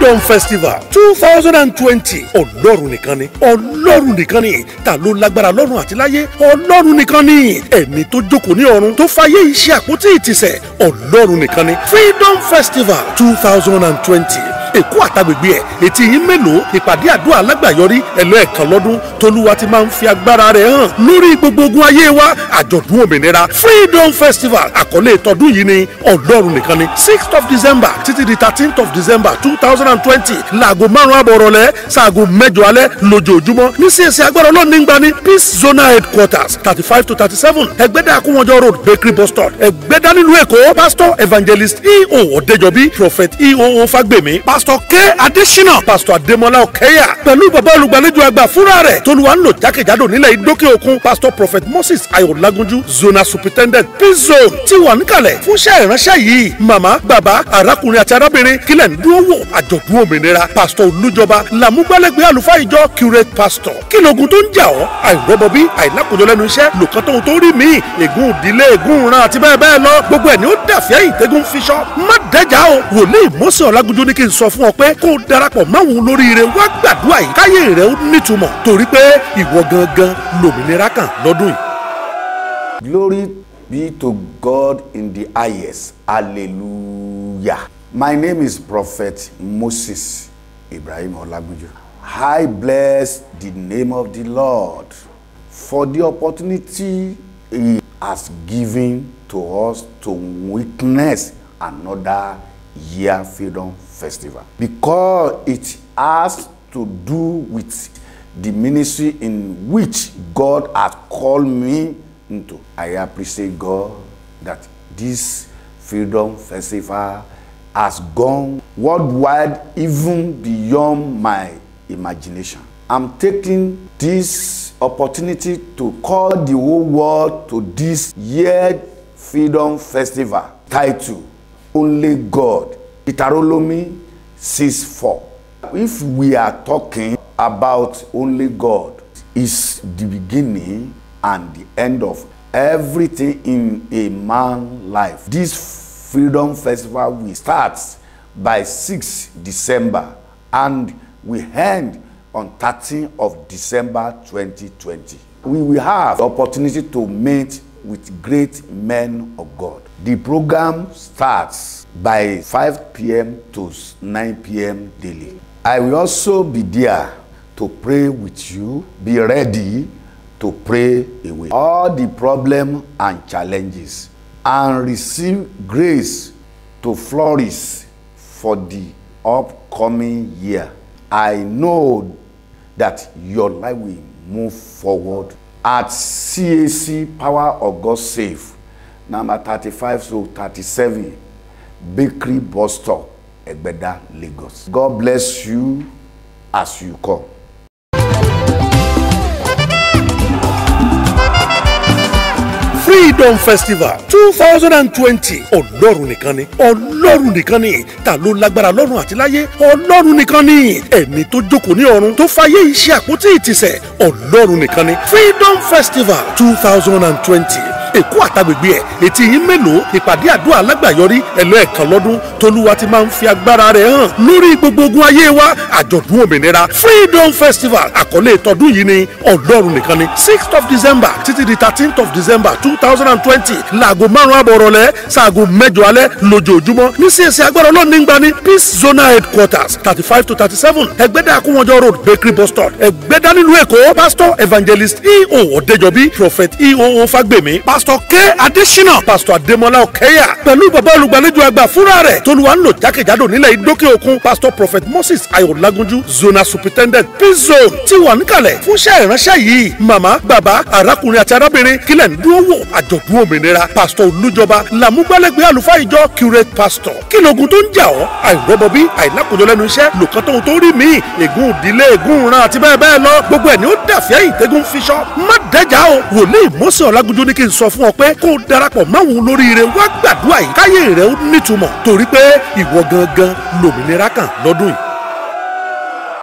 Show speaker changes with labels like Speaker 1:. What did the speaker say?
Speaker 1: freedom festival two thousand and twenty ọlọ́run nìkan ni ọlọ́run nìkan ni ta ló lágbára lọ́run àti láyé ọlọ́run nìkan ni ẹni tó jókòó ní ọ̀run tó fàyè iṣẹ́ àpótí ìtìsẹ̀ ọlọ́run nìkan ni freedom festival two thousand and twenty èkó àtàgbègbè ẹ̀ etí yín mélòó ìpàdé àdúrà alágbàyọrí ẹlẹ́ẹ̀kan lọ́dún tolúwa ti máa ń fi agbára rẹ̀ hàn lórí gbogbo ogun ayé wa àjọ̀dún òmìnira freedom festival àkọlé ìtọ́dún yìí ni ọlọ́run nìkan ni sixth of december títí di thirteenth of december two thousand and twenty láago márùn àbọ̀ rọ̀lẹ́ mẹ́jọ alẹ́ lójoojúmọ́ ní csc agbára ọlọ́run nígbà ní peace zona headquarters thirty five to thirty seven ẹgbẹ́dá akúnwọ́jọ́ road bakery bus stop ẹgbẹ́dá nílùú èkó pastor evangelist eo ọ̀dẹ́jọ́bí prophet eo fagbemi pastor Pastor, k adésínà pásítọ̀ adémọlá ọ̀kẹ́yà pẹ̀lú bàbá olùgbàlejò àgbà fúnra rẹ̀ tolúwa ń lò jákèjádò nílẹ̀ ìdókè òkun pásítọ̀ prophet moses ayọ̀lágúnjú zona superintendent pizone ti wà níkàlẹ̀ fúnṣẹ́ ìránṣẹ́ yìí màmá bàbá arákùnrin àti arábìnrin kílẹ̀ ń dúró wò àjọ̀dún òmìnira pásítọ̀ olújọba làmúgbálẹ́gbẹ̀ẹ́ àlùfáà ìjọ curate pastor kí lóògùn tó ń jà ọ́ àìrọ́bọbí àìlákòjọ lẹ́nu iṣẹ́ lòkan tóun tó rí míì ègún ìdílé ègún ìran àti bẹ́ẹ̀ bẹ́ẹ̀ o wòlíì mọ́sẹ̀ ọ̀làgúnjú ní fún ọ pé kó o darapọ̀ máwùn lóríire wá gbàdúrà yìí káyé rẹ ó nítumọ̀ torí pé ìwọ gangan lòmìnira kàn lọ́dún yìí. Glory
Speaker 2: be to God in the highest. Hallelujah. My name is Prophet Moses Ibrahim Olagunju. I bless the name of the Lord for the opportunity he has given to us to witness another Year Freedom Festival because it has to do with the ministry in which God has called me into. I appreciate God that this Freedom Festival has gone worldwide even beyond my imagination. I'm taking this opportunity to call the whole world to this year Freedom Festival title only God. Itarolomi 6 4. If we are talking about only God is the beginning and the end of everything in a man' life. This Freedom Festival will start by 6 December and we end on 13 of December 2020. We will have the opportunity to meet with great men of God. The program starts by 5 p.m. to 9 p.m. daily. I will also be there to pray with you. Be ready to pray away all the problems and challenges and receive grace to flourish for the upcoming year. I know that your life will move forward at CAC Power of God Safe, number 35 to 37, Bakery Bus Stop, Egbeda, Lagos. God bless you as you come.
Speaker 1: freedom festival two thousand and twenty ọlọ́run nìkan ni ọlọ́run nìkan ni ta ló lágbára lọ́run àti láyé ọlọ́run nìkan ni ẹni tó jókòó ní ọ̀run tó fàyè iṣẹ́ àpótí ìtìsẹ̀ ọlọ́run nìkan ni freedom festival two thousand and twenty èkó àtàgbègbè ẹ̀ ètí yín mélòó ìpàdé àdúrà alágbàyọrí ẹlẹ́ẹ̀kan lọ́dún tolúwa ti máa ń fi agbára rẹ̀ hàn lórí gbogbo ogun ayé wa àjọ̀dún òmìnira freedom festival àkọlé ìtọ́dún yìí ni ọlọ́run nìkan ni sixth of december títí di thirteenth of december two thousand and twenty láago márùn àbọ̀ rọ̀lẹ́ mẹ́jọ alẹ́ lójoojúmọ́ ní csc agbára ọlọ́run nígbà ní peace zona headquarters thirty five to thirty seven ẹgbẹ́dá akúnwọ́jọ́ road bakery bus stop ẹgbẹ́dá nílùú èkó pastor evangelist eo ọ̀dẹ́jọ́bí prophet eo fagbemi pastor Pastor, k adésínà pásítọ̀ adémọlá ọ̀kẹ́yà pẹ̀lú bàbá olùgbàlejò àgbà fúnra rẹ̀ tolúwa ń lò jákèjádò nílẹ̀ ìdókè òkun pásítọ̀ prophet moses ayọ̀lágúnjú zona superintendent p-zone ti wà níkàlẹ̀ fúnṣẹ́ ìránṣẹ́ yìí màmá bàbá arákùnrin àti arábìnrin kílẹ̀ ń dúró wò àjọ̀dún òmìnira pásítọ̀ olújọba làmúgbálẹ́gbẹ̀ẹ́ àlùfáà ìjọ curate pastor kí lóògùn tó ń jà ọ́ àìrọ́bọbí àìlákòjọ lẹ́nu iṣẹ́ lòkan tóun tó rí míì ègún ìdílé ègún ìran àti bẹ́ẹ̀ bẹ́ẹ̀ lọ gbogbo ẹ̀ ni ó dàfẹ́ ìtẹ́gùn fiṣọ́ má dẹ́jà o wòlíì mọ́sẹ̀ ọ̀làgúnjú ní kí n sọ sọ fún ọ pé kó o darapọ̀ máwùn lóríire wá gbàdúrà yìí káyé rẹ ó nítumọ̀ torí pé ìwọ gangan lòmìnira kàn lọ́dún yìí